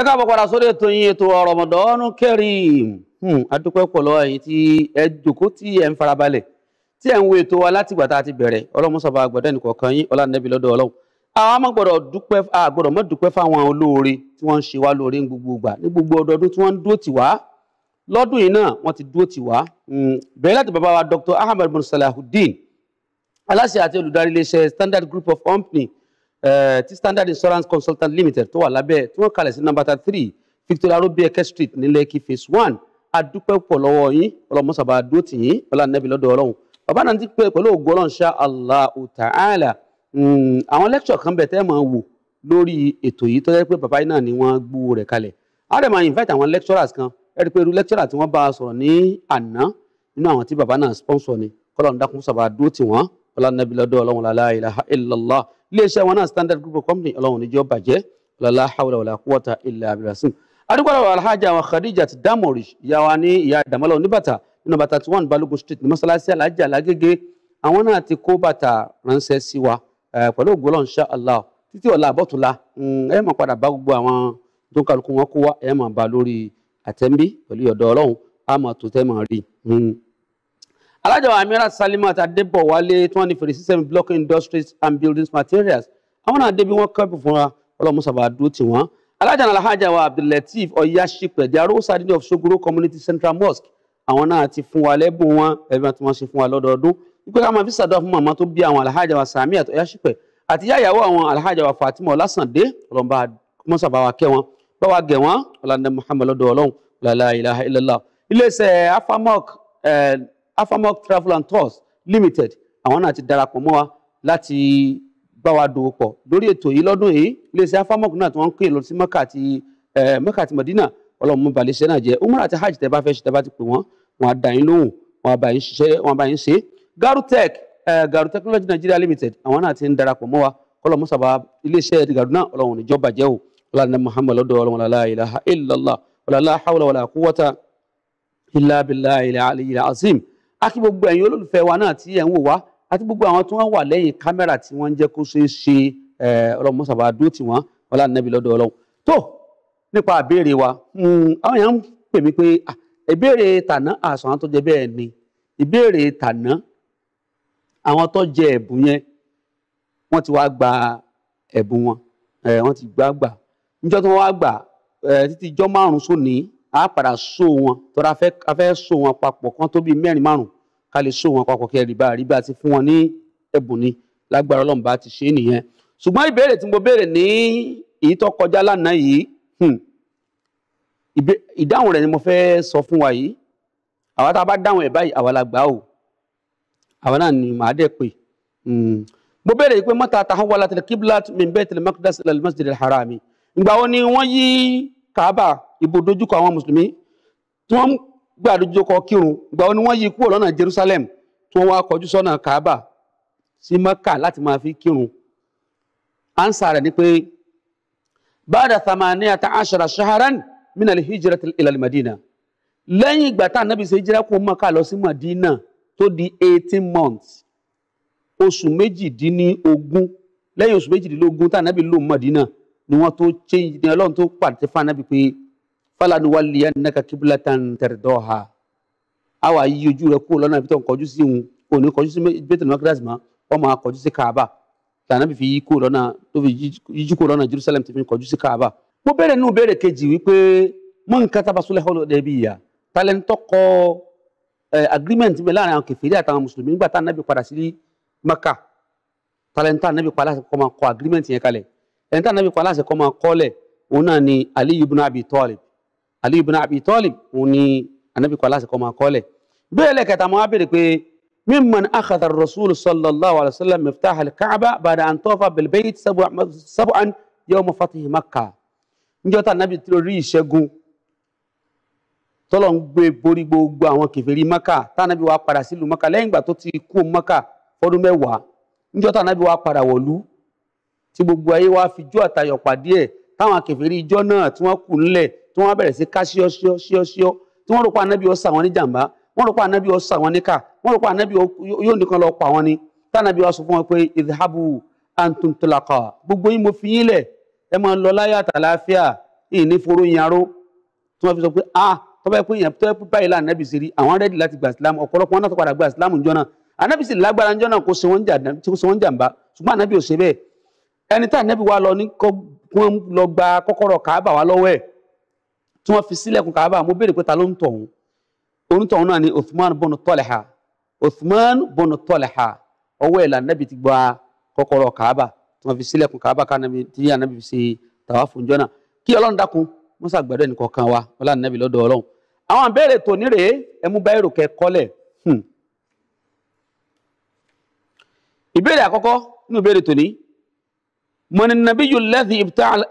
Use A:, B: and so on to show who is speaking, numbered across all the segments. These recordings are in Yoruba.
A: ẹ káàbọ̀ padà sórí ètò yín ètò Ramadan Kareem hmm, adúpẹ́ pọ̀ lọ́wọ́ yìí tí ẹ jòkó tí ẹ ń farabalẹ̀ tí ẹ ń wo ètò wa láti ìgbà tá a ti bẹ̀rẹ̀ ọlọ́mọsọ̀bà àgbọ̀dẹ́ nìkọ̀ọ̀kan yín ọlànẹ́bí lọ́dọ̀ ọlọ́run àwọn àmọ́ gbọ́dọ̀ dúpẹ́ àgbọ̀dọ̀ mọ́ dúpẹ́ fáwọn olóore tí wọ́n ń ṣe wá lóore ní gbogbo ọdọọdún tí hmm, Ahmed bin Salahuddin aláṣẹ àti olùdarí Standard Group of Company Eh, tí standard insurance consultant limited tó wà lábẹ́ tí wọ́n kalẹ̀ sí number three victoria arobieke street ní lẹ́kì phase one adúpẹ́ pọ̀ lọ́wọ́ yín ọlọ́mọsàbà dúró tì yín ọlànàbí lọ́dọ̀ ọlọ́run bàbá náà ti pé pẹ̀lú ògo ọlọ́run ṣá Allahu ta'ala hmm, àwọn lecture kan bẹ̀ tẹ́ máa wò lórí ètò yìí tó jẹ́ pé bàbá yìí náà ni wọ́n gbówó rẹ̀ kalẹ̀ á máa invite àwọn lecturers kan ẹ rí i pé irú lecturer tí wọ́n bá a sọ̀rọ̀ ní àná nínú àwọn tí bàbá náà sponsor ni kọ́lọ́run dákun dúró tì wọ́n ọlànàbí lọ́dọ̀ ọlọ́run la ilaha illallah iléeṣẹ́ wọn náà standard group company ọlọ́run níjọ́ bàjẹ́ lọ́lá hawla wàlá kúwọ́ta ilẹ̀ abirasim. adúgbòrò alhaja àwọn khadija ti dámọ̀rì ìyá wa ní ìyá ìdàmọ́lá oníbàtà nínú bàtà tí wọ́n ní balógun street ní mọ́sálásí alájà lágége àwọn náà ti kó bàtà ránṣẹ́ sí wa pẹ̀lú ògbó ṣá allah títí ọ̀la àbọ̀túnla mm, ẹ máa padà bá gbogbo àwọn tó kálukú wọn kó wa ẹ máa bá lórí àtẹ́ńbí pẹ̀lú ọ̀dọ̀ ọlọ́run á máa tó tẹ́ máa rí mm alájọ Amira Salimat Adébọ̀wálé tí wọ́n ní fèrèsé seven block industries and buildings materials àwọn náà débi wọ́n kẹ́bù fúnra ọlọ́mọsàbà dúró tì wọ́n alájọ alhaja wa Abdulateef Ọ̀yáṣípẹ̀ di arósà dídí of Sogoro community central mosque àwọn náà ti fún wa lẹ́bùn wọn ẹ̀bùn tí wọ́n ṣe fún wa lọ́dọọdún wípé ká máa fi ṣàdúrà fún màmá tó bí àwọn alhaja wa Samiat Ọ̀yáṣípẹ̀ àti yáyàwó àwọn alhaja wa Fatima Ọlásàndé ọlọ́mọba wa kẹ́ wọn wa gẹ̀ Muhammad lọ́dọ̀ ọlọ́run la ilaha illallah iléeṣẹ́ afamok eh, afamok travel and tours limited àwọn náà ti darapọ̀ mọ́ wa láti bá wa dòwò pọ̀ lórí ètò yìí lọ́dún yìí iléeṣẹ́ afamok náà tí wọ́n ń pè lọ sí mẹ́kà àti mẹ́kà àti mọ̀dínà ọlọ́run mú balẹ̀ iṣẹ́ náà jẹ́ umar àti hajj tẹ́ bá fẹ́ ṣe tẹ́ bá ti pè wọ́n wọn á dá yín lóhùn wọn á bá yín ṣiṣẹ́ wọn á bá yín ṣe. garutech garu technology nigeria limited àwọn náà ti ń darapọ̀ mọ́ wa kọ́lọ̀ mọ́sàbà iléeṣẹ́ garu náà ọlọ́run níjọba jẹ́ o ọlọ́run muhammed lọ́dọ̀ ọlọ́run la ilaha illallah wala hawla wala quwwata illa billahi al-ali al àti gbogbo ẹ̀yin olólùfẹ́ wa náà tí ẹ̀ ń wò wá àti gbogbo àwọn tí wọ́n wà lẹ́yìn kámẹ́rà tí wọ́n ń jẹ́ kó ṣeé ṣe ọlọ́mọ sábà dúró tì wọ́n ọlá nẹ́bí lọ́dọ̀ ọlọ́run tó nípa ìbéèrè wa hmm, àwọn èèyàn ń pè mí pé ìbéèrè tàná àsàn àwọn tó jẹ bẹ́ẹ̀ ni ìbéèrè tàná àwọn tó jẹ ẹ̀bùn yẹn wọ́n ti wá gba ẹ̀bùn wọn wọ́n ti gbá gbà níjọ́ tí wọ́n wá gbà títí ijọ́ márùn-ún sónìí A padà so wọn tọ́ra a fẹ́ so wọn papọ̀ kán tó bíi mẹ́rin márùn ká lè so wọn papọ̀ kẹ́ rìbá rìbá ti fún wọn ní ẹ̀bùn ni lágbára ọlọ́run bá ti ṣe é nìyẹn ṣùgbọ́n ìbéèrè tí mo béèrè ní èyí tó kọjá lánàá yìí hmm, ìdáhùn rẹ̀ ni mo fẹ́ sọ fún wa yìí àwa tá a bá dáhùn ẹ̀ báyìí àwa la gbà ó àwa náà ni màá dẹ̀ pé hmm, mo béèrè yìí pé mọ́ta àtàwọn wàlá tẹ̀lé kíbla min Baitil Maqdis ila al-Masjidil Harami ìgbà wo ni Kaaba ibo dojúkọ àwọn mùsùlùmí tí wọ́n gbà dojúkọ kírun ìgbà wo ni wọ́n yí kúrò lọ́nà Jerusalem tí wọ́n wá kọjú sọ́nà Kaaba sí Mẹ́kà láti máa fi kírun ansa rẹ̀ ni pé báàdà thamani ata ashara shaharan min al-hijra ila madina lẹ́yìn ìgbà tá ànábì ṣe hijra kó Mẹ́kà lọ sí Madina tó di eighteen months oṣù méjìdínlógún lẹ́yìn oṣù méjìdínlógún tá ànábì lò Madina ni wọ́n tó change ni Ọlọ́run tó pàtẹ fún ànábì pé fàlànà wà lìyà nàkà kíbla tàn tẹ̀rẹ̀dọ́ha a wà yí ojú rẹ kúrò lọ́nà ibi tó ń kọjú sí òun kò ní kọjú sí bẹ́tẹ̀lì mọ́kírásì mọ́ wọ́n máa kọjú sí kaaba tànà bí fi yí kúrò lọ́nà tó fi yíjú kúrò lọ́nà Jerusalem tó fi kọjú sí kaaba. mo bẹ̀rẹ̀ nínú bẹ̀rẹ̀ kejì wípé mọ́ nǹkan tábà hàn lọ́dẹ bí ìyá talẹ́ntọ́ kọ agreement bẹ láàrin àwọn kèfèrí àtàwọn mùsùlùmí nígbà tá ànábì padà sí Maka talẹ́ntà ànábì padà sí kọ́ máa kọ agreement yẹn kalẹ̀ ẹ̀ńtà ànábì padà sí kọ́ ni Ali ibn Abi Ali ibn Abi Talib òun ni anabi kọ́ aláṣẹ kọ́ máa kọ́lẹ̀ bẹ́ẹ̀ lẹ́kẹ̀ta mo wá béèrè pé mimman akhadha ar-rasul sallallahu alayhi wa sallam miftah al-Ka'ba ba'da an tafa bil-bayt sab'an yawma fatihi Makkah níjọ́ tá anabi tí ó rí ìṣẹ́gun tọ́lọ̀ ń gbé borí gbogbo àwọn kèfèrí Mákà tánábì wa padà sílùú Mákà lẹ́yìn ìgbà tó ti kú Mákà fọ́dún mẹ́wàá níjọ́ tánábì wa padà wọ̀lú tí gbogbo ayé wa fi jó àtayọ̀ pàdé ẹ̀ táwọn kèfèrí ijọ́ náà tí wọ́n kù ńlẹ̀ tí wọ́n bẹ̀rẹ̀ sí ká ṣíọ́ṣíọ́ ṣíọ́ṣíọ́ tí wọ́n rò pé ànábì ó sà wọ́n ní jàǹbá wọ́n rò pé ànábì ó sà ní kà wọ́n rò pé ànábì yóò nìkan lọ pa wọ́n ni tànàbí wa sọ fún wọn pé idhabu antum tulaqa gbogbo yín mo fi yín lẹ̀ ẹ máa lọ láyé àtàláfíà ìní foro yanró tí wọ́n fi sọ pé ah tọ́ bá yẹ pé èèyàn tọ́ pé báyìí láà ànábì sí àwọn rẹ́dì láti gba islam ọ̀pọ̀lọpọ̀ wọn náà tó padà gba islam ńjọ́ náà ànábì sì lágbára ńjọ́ náà kó ṣe wọ́n jàǹbá ṣùgbọ́n ànábì ò ṣe bẹ́ẹ̀ ẹni tá ànábì wa lọ ní kọ́ wọ́n lọ gba kọkọrọ kàábà wá lọ́wọ́ ẹ̀ tí wọ́n fi sílẹ̀kùn kàábà mo béèrè pé ló ń tọ̀hún náà ni Uthman bọ́nu Talha Uthman bọ́nu ọwọ́ ẹ̀ ti gba kọ́kọ́rọ́ kàábà tí wọ́n fi sílẹ̀kùn kàábà ká tí fi ṣe kí ọlọ́run dákun musa kan wa من النبي الذي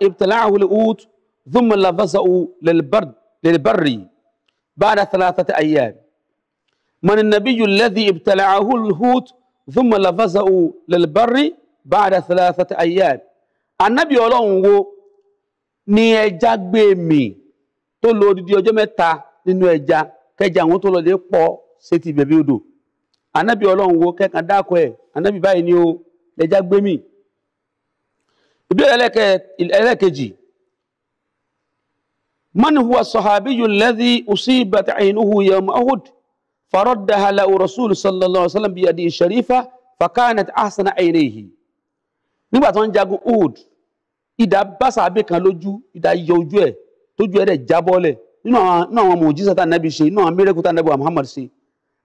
A: ابتلعه الأوت ثم لبسه للبرد للبر بعد ثلاثة أيام من النبي الذي ابتلعه الهوت ثم لبسه للبر بعد ثلاثة أيام النبي الله wo ni ẹja gbé mi tó lo odidi ọjọ́ mẹ́ta nínú ẹja kẹja àwọn tó lọ lè pọ̀ sétí bẹ̀bí odò ànábì ọlọ́run wo kẹ́kàn dákọ̀ ẹ̀ ànábì báyìí ni ó lẹja gbé mi ìbéèrè ẹlẹ́kejì man huwa sahabiyu alladhi usibat aynuhu yawm uhud faraddaha lahu rasul sallallahu alaihi wasallam biyadi sharifa fakanat ahsana aynihi nígbà tó ń jagun uhud ìdá bá sàábé kan lójú ìdá yọ ojú ẹ̀ tójú ẹ̀ rẹ̀ jábọ́lẹ̀ nínú àwọn mòjísà tá nàbí ṣe nínú àwọn mẹ́rẹ́kù tá nàbí wa muhammad ṣe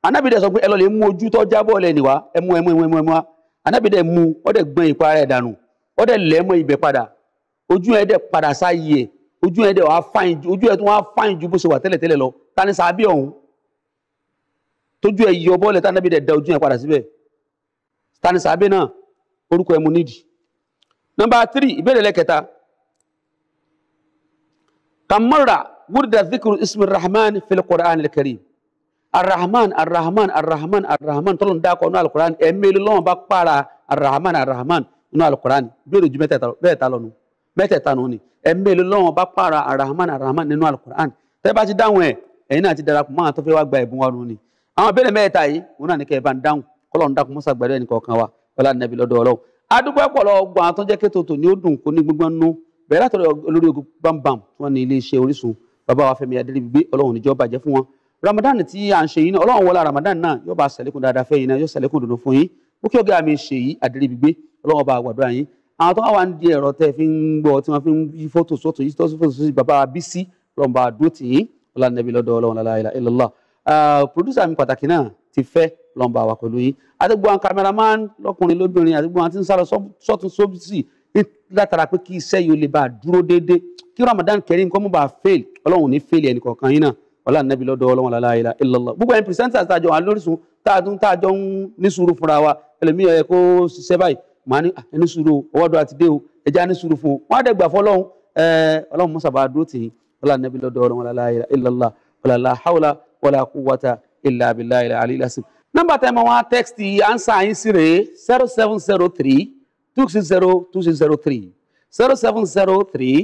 A: anábì dẹ̀ sọ pé ẹ lọ lè mú ojú tó jábọ́lẹ̀ nìwá ẹ mú ẹ mú ẹ mú ẹ mú wa anábì dànù ó dẹ̀ lẹ́ mọ́ ibẹ̀ padà ojú ẹ̀ dẹ̀ padà sáyé ẹ̀ ojú ẹ̀ dẹ̀ wá fáyín ju ojú ẹ̀ tó wá fáyín ju bó ṣe wà tẹ́lẹ̀tẹ́lẹ̀ lọ ta ni sàábì ọ̀hún tójú ẹ̀ yọ bọ́ọ̀lẹ̀ tánàbí dẹ̀ da ojú ẹ̀ padà síbẹ̀ ta ni sàábì náà orúkọ ẹ̀ mu nídìí. nọ́mbà tírì ìbéèrè lẹ́kẹta kàmọ́ra wúrúdà zikiru ismi rahman fil qur'an al arahman arahman arahman arahman tọ́lọ́ ń dákọ̀ ní alukur'an ẹ̀mẹ́lẹ́ lọ́wọ́n bá pààrà arahman arahman nínú alukurani béèrè ju mẹ́tẹ̀ẹ̀ta bẹ́ẹ̀ta lọ nù mẹ́tẹ̀ẹ̀ta nù ni ẹ̀mẹ́lẹ́ lọ́wọ́n bá pààrà arahman arahman nínú alukurani tẹ́ bá ti dáhùn ẹ̀ ẹ̀yin náà ti darapọ̀ mọ́ àwọn tó fẹ́ wá gba ẹ̀bùn wa nù ni àwọn béèrè mẹ́ẹ̀ta yìí òun náà ní kẹ́ ẹ̀ bá ń dáhùn kọ́lọ̀ ń dákun mọ́sá gbẹ̀rẹ́ nìkan kan wa wọlé ànábì lọ́dọ̀ ọlọ́run adúgbò ẹ̀pọ̀lọ gbọ́n àtọ́ jẹ́ kéto tò ní ó dùn kó ní gbígbọ́n ọlọ́wọ́ bá àgbàdo àyín àwọn tó wà wà ń di ẹ̀rọ tẹ́ fi ń gbọ́ tí wọ́n fi ń yí fótò sótò yí fótò sótò sí bàbá Bísí ọlọ́wọ́ bá dó tì yín ọlọ́nàbí lọ́dọ̀ ọlọ́wọ́n láláyà illallah pòdúsà mi pàtàkì náà ti fẹ́ lọ́nba wà pẹ̀lú yín àdégbò àwọn kámẹ́rámán lọ́kùnrin lóbìnrin àdégbò àwọn tí ń sálọ sọ́tún sóbìsì látara pé kí iṣẹ́ yìí ó lè bá a dúró déédéé kí Ramadan Kareem kọ́ mọ́ bá fail ọlọ́run ní fail ẹnì kọ̀ọ̀kan yín náà ọlá nàbí lọ́dọ̀ ọlọ́run lálá ilá ilọ́lọ́ gbogbo ẹni pìrìsẹ́ńtà tàjọ àwọn lórísun tààdún ń ní sùúrù fúnra wa ẹlòmíì ó kó ṣiṣẹ́ báyìí màá ní ah, ẹni sùúrù ọwọ́dọ̀ àti dé o ẹja ní sùúrù fún o wọ́n á dẹ̀ gbà fọlọ́hún ẹ ọlọ́run mọ́sàbà dúró tì í wọ́lá nàbí lọ́dọ̀ ọ̀rọ̀ wala la ilaha illallah wala la hawla wala quwwata illa billahi al-ali al-azim. nọ́mbà tẹ́ mọ́ wọn tẹ́kìtì ansa yín sí rèé zero seven zero three two six zero two six zero three zero seven zero three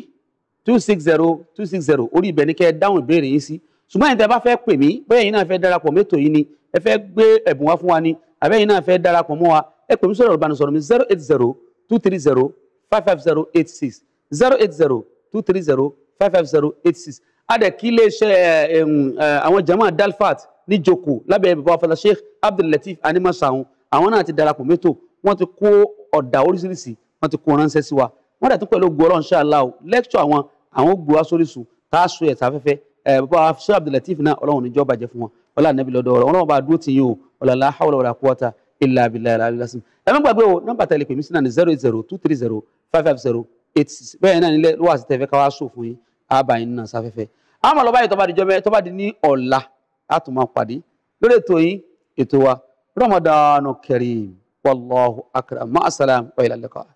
A: two six zero two six zero orí ibẹ̀ ni kẹ́ ẹ dáhùn ìbéèrè yín sí ṣùgbọ́n ẹ̀yin tẹ́ bá fẹ́ pè mí bẹ́ẹ̀ yín náà fẹ́ darapọ̀ mẹ́tò yín ni ẹ fẹ́ gbé ẹ̀bùn wá fún wa ni àbẹ́yìn náà fẹ́ darapọ̀ mọ́ wa ẹ pè mí sọ̀rọ̀ ìbánisọ̀rọ̀ mi zero eight zero two three zero five five zero eight six zero eight zero two three zero five five zero eight six adẹ kí iléeṣẹ́ àwọn jama dalfat níjoko lábẹ́ bàbá afọlá sheikh abdullateef animasahun àwọn náà ti darapọ̀ mẹ́tò wọ́n ti kó ọ̀dà oríṣiríṣi wọ́n ti kó ránṣẹ́ sí wa wọ́n dàtún pẹ̀lú ògo Ọlọ́run inshallah lẹ́kṣọ̀ àwọn àwọn gbòwá sóríṣù tá a sọ ẹ̀ sáfẹ́fẹ́ bàbá sheikh abdullateef náà Ọlọ́run níjọ́ bàjẹ́ fún wọn ọlá nàbí lọ́dọ̀ ọ̀rọ̀ Ọlọ́run bá dúró tì yín o ọ̀làlá hàwọ̀lá wàlá kúwọ́ta ilà abilà ilà abilà sim ẹ má gbàgbé o nọ́mbà tẹlẹ pèmí sí náà ní zero eight zero two three zero five five zero eight six bẹ́ẹ̀ náà nílẹ̀ wàásù tẹ́fẹ́ ká wá sọ fún yín àbá yín náà sáfẹ́fẹ́ àwọn ọmọ ọlọ́ba yìí tó bá di jọ́mẹ́ tó bá di ní ọ̀la á pàdé lórí ètò yín ètò wa Ramadan Kareem wallahu akram ma'asalam wa ilal